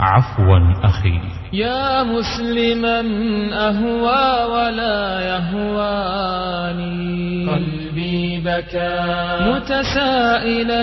عفوا أخي يا مسلما أهوى ولا يهواني قلبي بكى متسائلا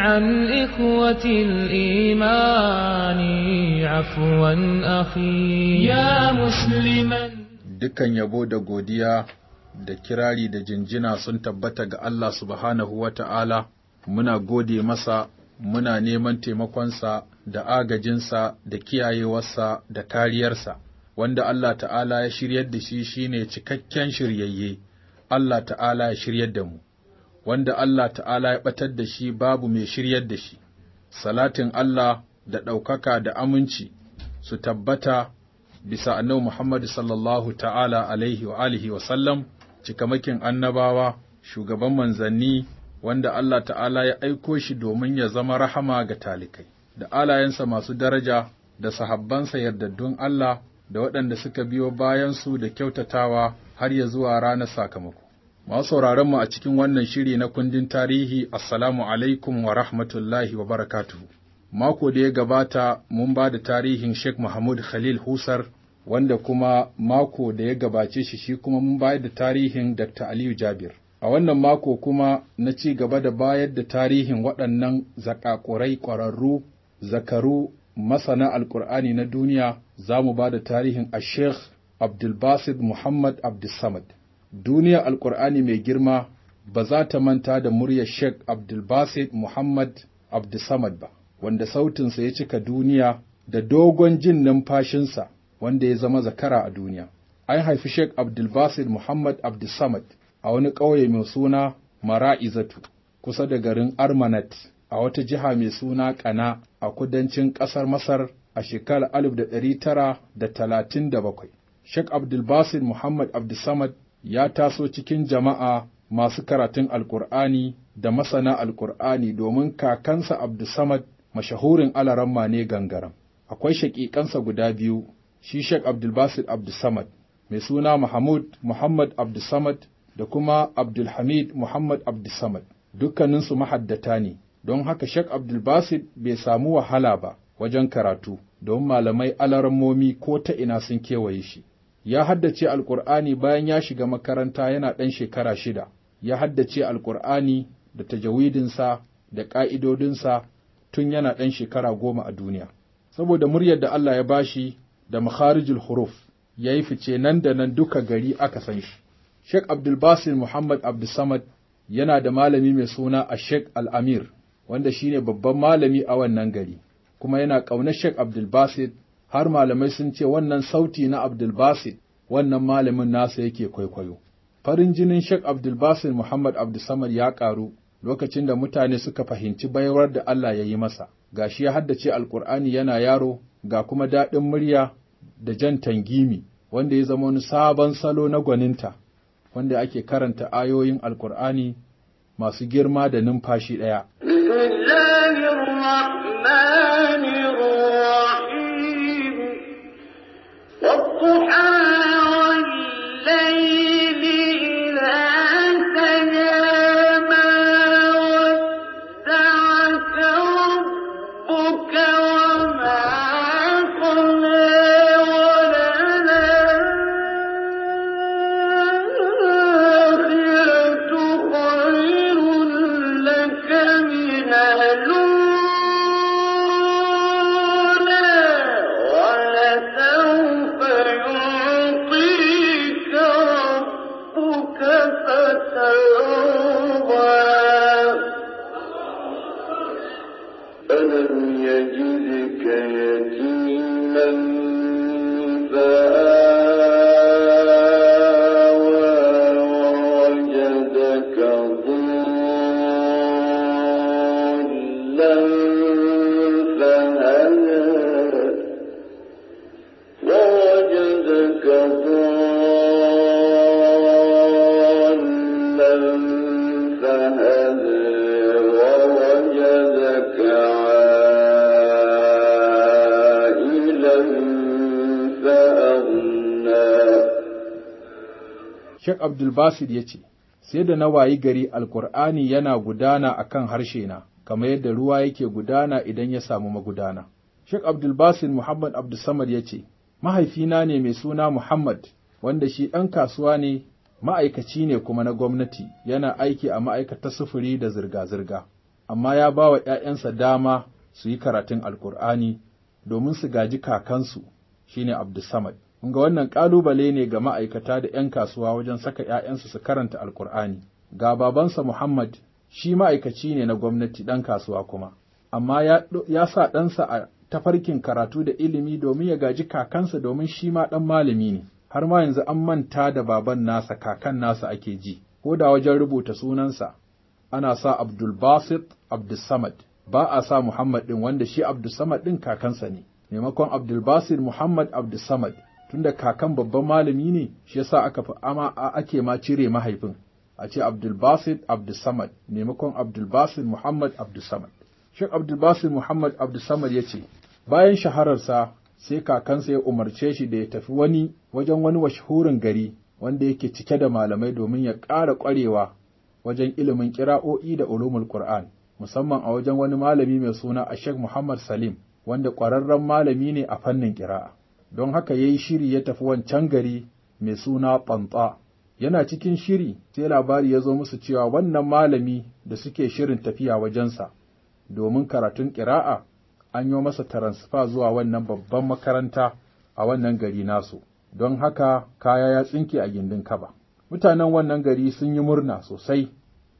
عن إخوة الإيمان عفوا أخي يا مسلما دكا يبود قوديا دكرالي دجنجنا سنتبتك الله سبحانه وتعالى منا قودي مسا منا نيمان تيمكوانسا da agajinsa da kiyayewarsa da kariyarsa, wanda Allah ta'ala ya shiryar da shi shi ne cikakken shiryayye, Allah ta'ala ya shiryar da mu, wanda Allah ta'ala ya ɓatar da shi babu mai shiryar da shi, salatin Allah da ɗaukaka da aminci su tabbata bisa annabi Muhammadu sallallahu ta'ala alaihi wa alihi wa sallam, cikamakin annabawa, shugaban manzanni, wanda Allah ta'ala ya aiko shi domin ya zama rahama ga talikai. da alayensa masu daraja da sahabbansa yardaddun Allah da waɗanda suka biyo bayansu da kyautatawa har ya zuwa ranar sakamako. Masu sauraron mu a cikin wannan shiri na kundin tarihi Assalamu alaikum wa rahmatullahi wa barakatuhu. Mako da ya gabata mun ba da tarihin Sheikh Muhammad Khalil Husar wanda kuma mako da ya gabace shi shi kuma mun bayar da tarihin Dr. Aliyu Jabir. A wannan mako kuma na ci gaba da bayar da tarihin waɗannan zakakurai ƙwararru zakaru masana alkur'ani na duniya za mu ba da tarihin a sheikh abdulbasid muhammad abdulsamad duniya alkur'ani mai girma ba za ta manta da muryar sheikh abdulbasid muhammad abdulsamad ba wanda sautinsa ya cika duniya da dogon jin numfashinsa wanda ya zama zakara a duniya an haifi sheikh abdulbasid muhammad abdulsamad a wani ƙauye mai suna mara'izatu kusa da garin armanat a wata jiha mai suna Kana a kudancin ƙasar Masar a shekarar alif da da da tara talatin bakwai, Sheikh Abdulbasir Muhammad Abdulsamad ya taso cikin jama'a masu karatun Alƙur'ani da masana Alƙur'ani domin kakansa Abdulsamad mashahurin alaramma ne gangaram. Akwai shaƙiƙansa guda biyu, shi Sheikh Abdulbasir Abdulsamad, mai suna Mahmud Muhammad Abdulsamad da kuma Abdulhamid Muhammad Abdulsamad, dukkaninsu mahaddata ne. don haka Sheikh Abdulbasir bai samu wahala ba wajen karatu, don malamai momi ko ta ina sun kewaye shi. Ya haddace Alƙur'ani bayan ya shiga makaranta yana ɗan shekara shida, ya haddace Alƙur'ani da tajawidinsa da ƙa'idodinsa tun yana ɗan shekara goma a duniya. Saboda muryar da Allah ya bashi da makharijul huruf ya yi fice nan da nan duka gari aka san shi. Sheikh Abdulbasir Muhammad Samad yana da malami mai suna a Sheikh Al-Amir wanda shi ne babban malami a wannan gari kuma yana ƙaunar Sheikh Abdul har malamai sun ce wannan sauti na Abdul wannan malamin nasa yake kwaikwayo farin jinin Sheikh Abdul Basit Muhammad Abdul ya ƙaru lokacin da mutane suka fahimci baiwar da Allah ya yi masa Ga shi ya haddace Alƙur'ani yana yaro ga kuma daɗin murya da jan tangimi wanda ya zama wani sabon salo na gwaninta wanda ake karanta ayoyin Alƙur'ani masu girma da numfashi ɗaya. Sheikh Abdul ya ce, Sai da na wayi gari Alƙur'ani yana gudana a kan harshena, kamar yadda ruwa yake gudana idan ya samu magudana. Sheikh Abdulbasir Muhammad Abdulsamad ya ce, Mahaifina ne mai suna Muhammad, wanda shi ɗan kasuwa ne, ma'aikaci ne kuma na gwamnati, yana aiki a ma'aikata sufuri da zirga-zirga, amma ya ba wa ‘ya'yansa dama su yi karatun Alƙur'ani domin su gaji kakansu, shi shine Abdulsamad. Ga wannan ƙalubale ne ga ma'aikata da ‘yan kasuwa wajen saka ‘ya'yansu su karanta Alƙur'ani. Ga babansa Muhammad, shi ma'aikaci ne na gwamnati ɗan kasuwa kuma, amma ya sa ɗansa a tafarkin karatu da ilimi domin ya gaji kakansa domin shi ma ɗan malami ne, har ma yanzu an manta da baban nasa kakan nasa ake ji, ko da wajen rubuta sunansa, ana sa Abdul Basit Abdulsamad, ba a sa Muhammad ɗin wanda shi Abdulsamad ɗin kakansa ne, maimakon Abdul Basit Muhammad Abdulsamad tunda kakan babban malami ne shi yasa aka fi ama ake ma cire mahaifin a ce Abdul Basit Abdul Samad maimakon Abdul Basit Muhammad Abdul Samad Sheikh Abdul Muhammad Abdul ya ce bayan shahararsa sai kakansa ya umarce shi da ya tafi wani wajen wani washhurin gari wanda yake cike da malamai domin ya ƙara ƙwarewa wajen ilimin ƙira'o'i da ulumul Qur'an musamman a wajen wani malami mai suna Sheikh Muhammad Salim wanda ƙwararren malami ne a fannin ƙira'a don haka ya yi shiri ya tafi wancan gari mai suna ɓamɓa. Yana cikin shiri sai labari ya zo musu cewa wannan malami da suke shirin tafiya wajensa, domin karatun ƙira'a an yi masa taransifa zuwa wannan babban makaranta a wannan gari nasu, don haka kaya ya tsinke a gindin kaba. Mutanen wannan gari sun yi murna sosai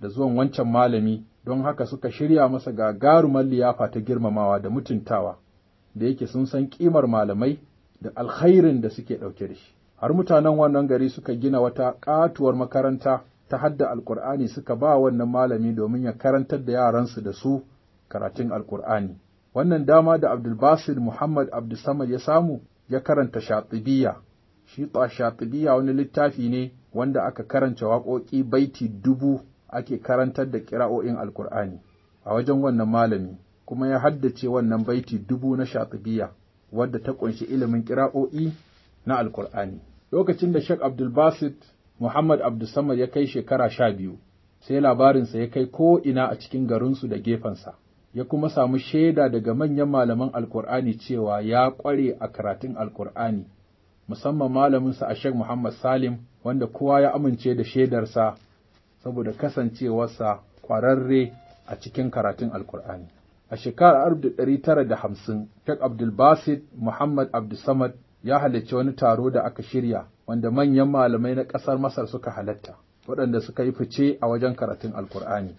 da zuwan wancan malami, don haka suka shirya masa gagarumar liyafa ta girmamawa da mutuntawa, da yake sun san ƙimar malamai da alkhairin da suke ɗauke da shi har mutanen wannan gari suka gina wata ƙatuwar makaranta ta hadda alkur'ani suka ba wannan malami domin ya karantar da yaransu da su karatun alkur'ani wannan dama da abdulbasir muhammad abdulsamad ya samu ya karanta shatibiya shi shatibiya wani littafi ne wanda aka karanta waƙoƙi baiti dubu ake karantar da ƙira'o'in alkur'ani a wajen wannan malami kuma ya haddace wannan baiti dubu na shatibiya wadda ta ƙunshi ilimin ƙira'o'i na alkur'ani lokacin da Sheikh Abdul Basit Muhammad Abdul Samad ya kai shekara sha biyu sai labarinsa ya kai ko'ina a cikin garinsu da gefensa ya kuma samu shaida daga manyan malaman alkur'ani cewa ya ƙware a karatun alkur'ani musamman malaminsa a Sheikh Muhammad Salim wanda kowa ya amince da shaidarsa saboda kasancewarsa ƙwararre a cikin karatun alkur'ani A shekarar da da ɗari tara 1950, Sheikh Abdulbasit Muhammad Samad ya halarci wani taro da aka shirya wanda manyan malamai na ƙasar Masar suka halatta, waɗanda suka yi fice a wajen karatun Alkur'ani,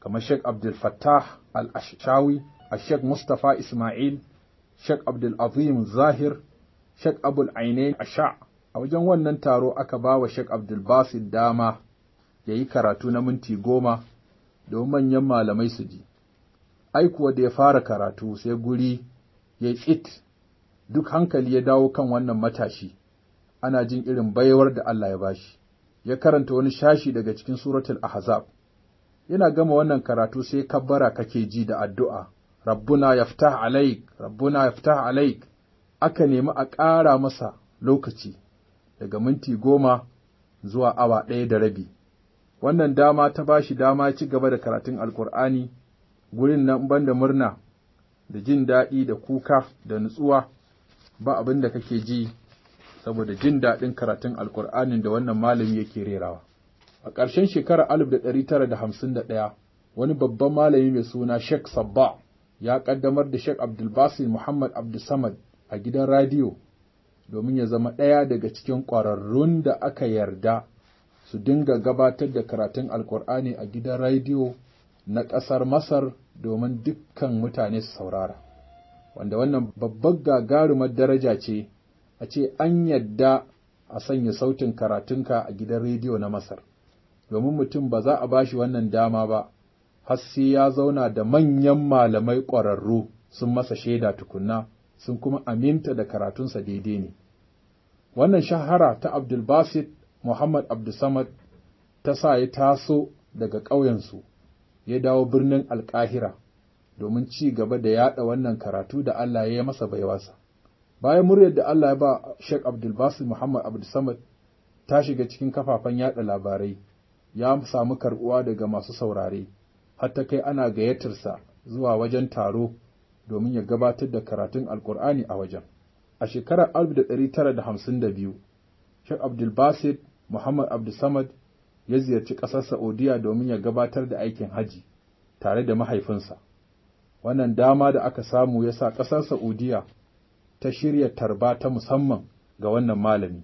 kamar Sheikh Abdul Fattah Al-Ashawi, Sheikh Mustapha Ismail, Sheikh Abdul Azim Zahir, Sheikh Abul Aine Asha. A wajen wannan taro aka ba wa Sheikh Abdul Basit dama ya yi karatu na minti goma domin manyan malamai su ji. ai kuwa da ya fara karatu sai guri ya tsit duk hankali ya dawo kan wannan matashi ana jin irin baiwar da Allah ya bashi ya karanta wani shashi daga cikin suratul ahzab yana gama wannan karatu sai kabbara kake ji da addu'a rabbuna yaftah alaik rabbuna yaftah alaik aka nemi a ƙara masa lokaci daga minti goma zuwa awa ɗaya da rabi wannan dama ta bashi dama ci gaba da karatun alkur'ani gurin nan ban da murna da jin daɗi da kuka da nutsuwa ba abin da kake ji saboda jin daɗin karatun alkur'anin da wannan malami yake rerawa a ƙarshen shekarar ɗaya, wani babban malami mai suna Sheikh Sabba ya ƙaddamar da Sheikh Abdulbasir Muhammad Abdulsamad a gidan radiyo domin ya zama ɗaya daga cikin ƙwararrun da aka yarda su dinga gabatar da karatun alkur'ani a gidan radiyo na ƙasar Masar domin dukkan mutane su saurara wanda wannan babbar gagarumar daraja ce a ce an yadda a sanya sautin karatunka a gidan rediyo na Masar domin mutum ba za a shi wannan dama ba har sai ya zauna da manyan malamai ƙwararru sun masa shaida tukunna sun kuma aminta da karatunsa daidai ne wannan shahara ta Abdul Basit Muhammad Abdul ta sa ya taso daga ƙauyensu ya dawo birnin alƙahira domin ci gaba da yaɗa wannan karatu da Allah ya yi masa baiwasa. Bayan muryar da Allah ya ba Sheikh Abdulbasir Muhammad Samad ta shiga cikin kafafen yaɗa labarai, ya samu karɓuwa daga masu saurare, har ta kai ana gayyatarsa zuwa wajen taro domin ya gabatar da karatun Alƙur'ani a wajen. A shekarar 1952, Sheikh Abdulbasir Muhammad Abdulsamad ya ziyarci ƙasar Saudiya domin ya gabatar da aikin haji tare da mahaifinsa. Wannan dama da aka samu ya sa ƙasar Saudiya ta shirya tarba ta musamman ga wannan malami,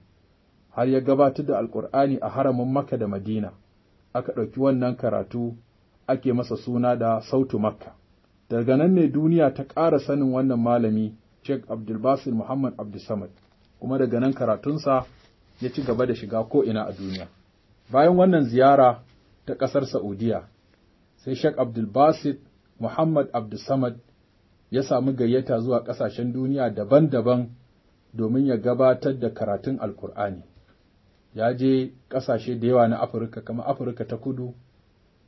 har ya gabatar da Alƙur'ani a haramin Makka da Madina, aka ɗauki wannan karatu ake masa suna da Sautu Makka. Daga nan ne duniya ta ƙara sanin wannan malami Sheikh Abdulbasir Muhammad Samad kuma daga nan karatunsa ya ci gaba da shiga ko'ina a duniya. Bayan wannan ziyara ta ƙasar Saudiya, sai Sheikh Abdulbasit Muhammad Abdulsamad ya samu gayyata zuwa ƙasashen duniya daban-daban domin ya gabatar da karatun Alƙur'ani. Ya je ƙasashe da yawa na Afirka kamar Afirka ta kudu,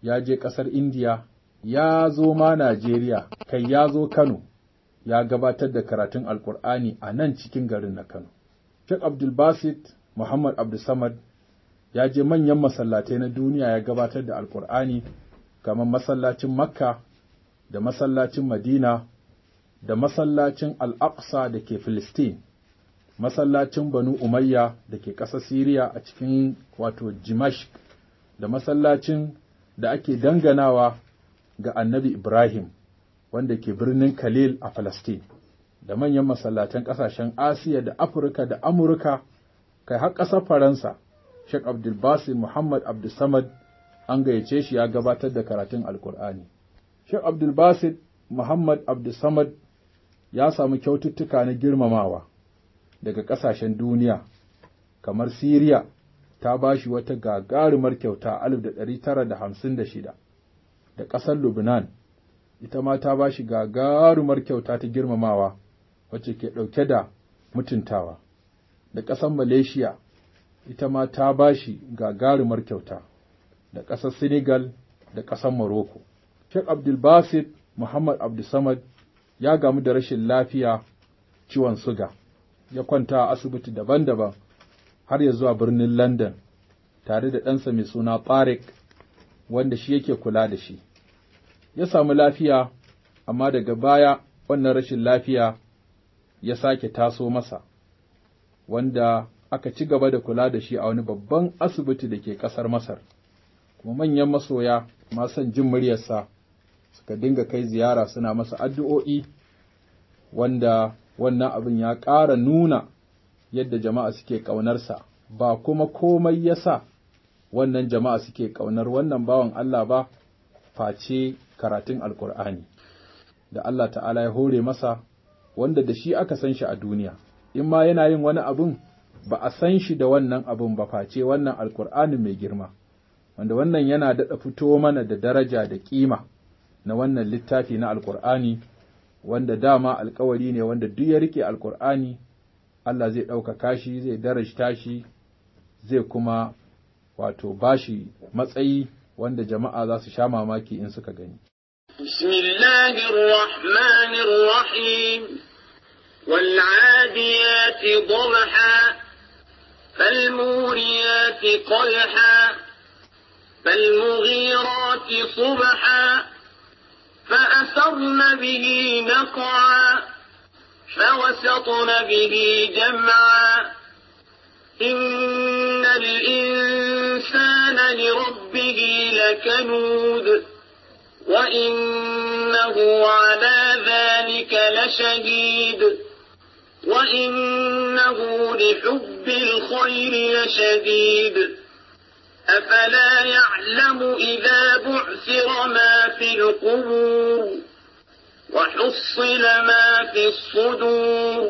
ya je ƙasar Indiya, ya zo ma Najeriya, kai ya zo Kano, ya gabatar da karatun Alƙur'ani a nan cikin garin na Kano. Sheikh Abdulbasit Muhammad Abdulsamad ya je manyan masallatai na duniya ya gabatar da alkur'ani kamar masallacin makka da masallacin madina da masallacin al'aqsa da ke filistin masallacin banu umayya da ke ƙasar siriya a cikin wato Jimash, da masallacin da ake danganawa ga annabi ibrahim wanda ke birnin Kalil a falastin da manyan masallatan ƙasashen asiya da afirka da amurka kai har ƙasar faransa Sheikh Abdul Basir Muhammad Abdul Samad an gayyace shi ya gabatar da karatun Alkur'ani. Sheikh Abdul Basir Muhammad Abdul Samad ya samu kyaututtuka na girmamawa daga ƙasashen duniya kamar Siriya ta ba shi wata gagarumar kyauta a 1956 da ƙasar Lubnan ita ma ta ba shi gagarumar kyauta ta girmamawa wacce ke ɗauke da mutuntawa da ƙasar Malaysia ita ma ta ba shi gagarumar kyauta da ƙasar Senegal da ƙasar Morocco. Sheikh Abdul Basit Muhammad Abdul Samad ya gamu da rashin lafiya ciwon suga, ya kwanta a asibiti daban-daban har ya zuwa birnin London tare da ɗansa mai suna Tariq wanda shi yake kula da shi. Ya samu lafiya, amma daga baya wannan rashin lafiya ya sake taso masa, wanda aka ci gaba da kula da shi a wani babban asibiti da ke ƙasar Masar, kuma manyan masoya masan jin muryarsa suka dinga kai ziyara suna masa addu'o'i, wanda wannan abin ya ƙara nuna yadda jama'a suke ƙaunarsa, ba kuma komai ya sa wannan jama'a suke ƙaunar wannan bawan Allah ba, face karatun Alƙur'ani, da Allah ta'ala ya hore masa, wanda da shi aka san shi a duniya, in ma yana yin wani abin. ba a san shi da wannan abun ba face wannan alkur'ani mai girma wanda wannan yana daɗa fito mana da daraja da ƙima na wannan littafi na alkur'ani wanda dama alkawari ne wanda duk ya rike alkur'ani Allah zai ɗaukaka shi zai darajta shi zai kuma wato bashi matsayi wanda jama'a za su sha mamaki in suka gani bismillahirrahmanirrahim والعاديات ضبحا فالموريات قلحا فالمغيرات صبحا فأثرن به نقعا فوسطن به جمعا إن الإنسان لربه لكنود وإنه على ذلك لشهيد وَإِنَّهُ لِحُبِّ الْخَيْرِ لَشَدِيدٌ أَفَلَا يَعْلَمُ إِذَا بُعْثِرَ مَا فِي الْقُبُورِ وَحُصِّلَ مَا فِي الصُّدُورِ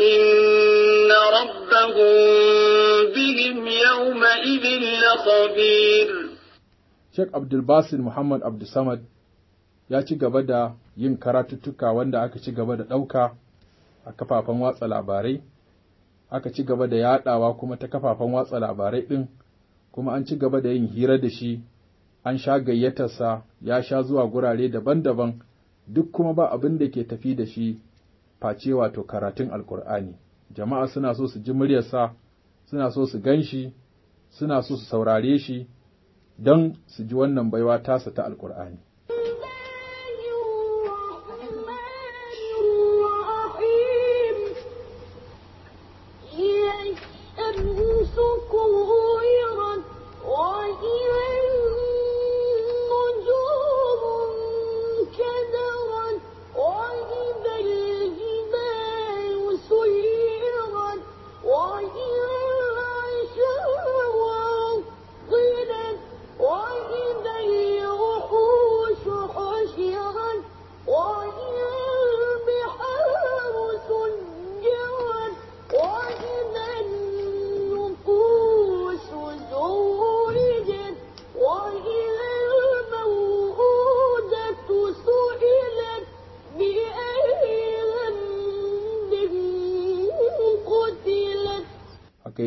إِنَّ رَبَّهُمْ بِهِمْ يَوْمَئِذٍ لَّخَبِيرٌ شيخ عبد الباسل محمد عبد السمد يا ci gaba da yin karatuttuka wanda aka ci gaba a kafafen watsa labarai aka ci gaba da yaɗawa kuma ta kafafen watsa labarai ɗin kuma an ci gaba da yin hira da shi an sha gayyatarsa ya sha zuwa gurare daban-daban duk kuma ba abin da ke tafi da shi face wato karatun alkur'ani jama'a suna so su ji muryarsa suna so su gan shi suna so su saurare shi don su ji wannan baiwa tasa ta alkur'ani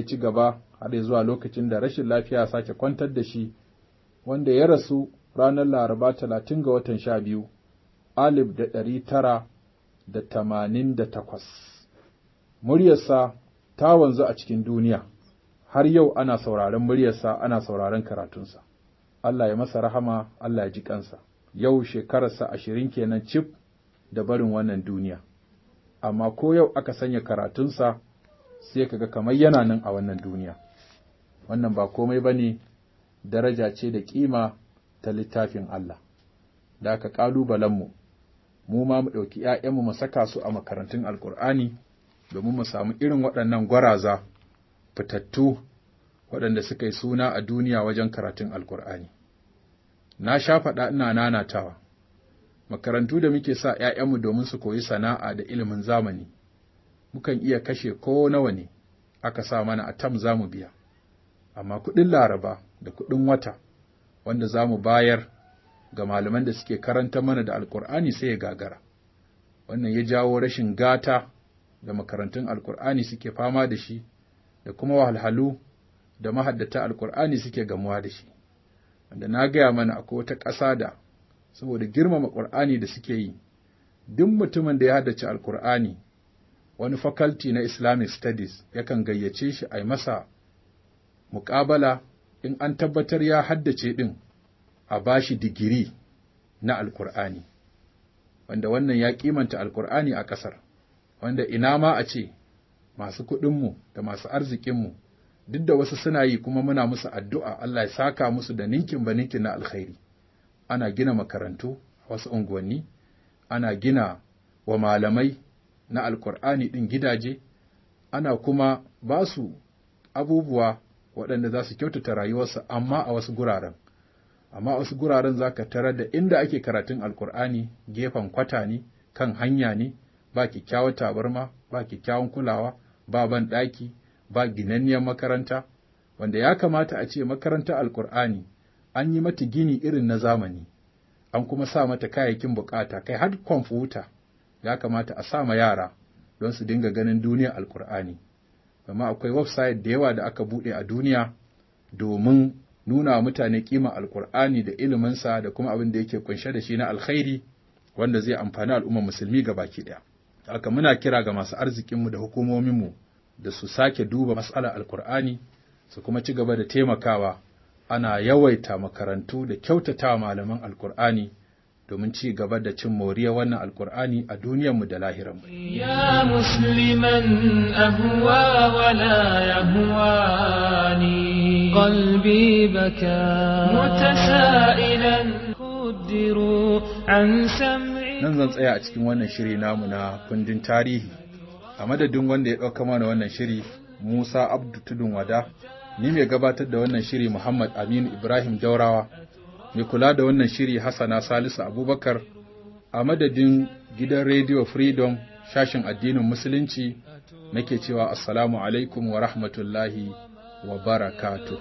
ci gaba har zuwa lokacin da rashin lafiya sake kwantar da shi, wanda ya rasu ranar Laraba talatin ga watan sha biyu, alif da ɗari tara da tamanin da takwas. Muryarsa ta wanzu a cikin duniya, har yau ana sauraron muryarsa ana sauraron karatunsa. Allah ya masa rahama, Allah ya ji kansa. Yau shekararsa ashirin kenan cif da barin wannan duniya, amma ko yau aka sanya karatunsa sai ka ga kamar yana nan a wannan duniya wannan ba komai ba ne daraja ce da kima ta littafin Allah da aka ƙalubalenmu, mu mu ma mu ɗauki ‘ya'yanmu mu saka su a makarantun Alkur'ani domin mu samu irin waɗannan gwaraza fitattu waɗanda suka yi suna a duniya wajen karatun Alkur'ani. Na sha faɗa ina nanatawa, makarantu da muke sa ‘ya'yanmu domin su koyi sana'a da ilimin zamani, mukan iya kashe ko nawa ne aka sa mana a tam za mu biya, amma kuɗin laraba da kuɗin wata wanda za mu bayar ga malaman da suke karanta mana da alkur'ani sai ya gagara, wannan ya jawo rashin gata da makarantun alkur'ani suke fama da shi, da kuma wahalhalu da mahaddata alkur'ani suke gamuwa da shi. Wanda na gaya mana akwai wata ƙasa da saboda girmama ƙur'ani da suke yi, duk mutumin da ya haddace alkur'ani wani fakalti na Islamic Studies yakan gayyace shi a masa muƙabala in an tabbatar ya haddace ɗin a ba shi digiri na Alƙur'ani, wanda wannan ya kimanta Alƙur'ani a ƙasar, wanda ina ma a ce masu kuɗinmu da masu arzikinmu duk da wasu suna yi kuma muna musu addu'a Allah ya saka musu da ninkin ba ninkin na alkhairi. Ana gina makarantu a wasu unguwanni, ana gina wa malamai na Alƙur'ani ɗin gidaje ana kuma ba su abubuwa waɗanda za su kyautata rayuwarsa amma a wasu guraren amma a wasu guraren za ka tarar da inda ake karatun Alƙur'ani gefen kwata ne kan hanya ne ba kyakkyawar tabarma ba kyakkyawan kulawa ba ban ɗaki ba ginanniyar makaranta wanda ya kamata a ce makarantar Alƙur'ani, an yi mata gini irin na zamani an kuma sa mata kayayyakin bukata kai har kwamfuta ya kamata a sama yara don su dinga ganin duniya alkur'ani amma akwai website da yawa da aka buɗe a duniya domin nuna wa mutane kima alkur'ani da iliminsa da kuma abin da yake kunshe da shi na alkhairi wanda zai amfani al'ummar musulmi ga baki ɗaya haka muna kira ga masu arzikinmu da hukumominmu da su sake duba matsalar alkur'ani su kuma ci gaba da taimakawa ana yawaita makarantu da kyautata malaman alkur'ani domin ci gaba da cin moriya wannan alkur'ani a duniyarmu da lahiran. Ya musliman ahuwa wa la qalbi baka mutasailan an sam'i Nan zan tsaya a cikin wannan shiri namu na kundin tarihi a madadin wanda ya ɗauka mana wannan shiri Musa Abdu Tudun Wada ni mai gabatar da wannan shiri Muhammad Aminu Ibrahim Jaurawa mai kula da wannan shiri Hassana Salisu Abubakar a madadin gidan Radio Freedom shashin addinin Musulunci nake cewa Assalamu alaikum wa rahmatullahi wa barakatu.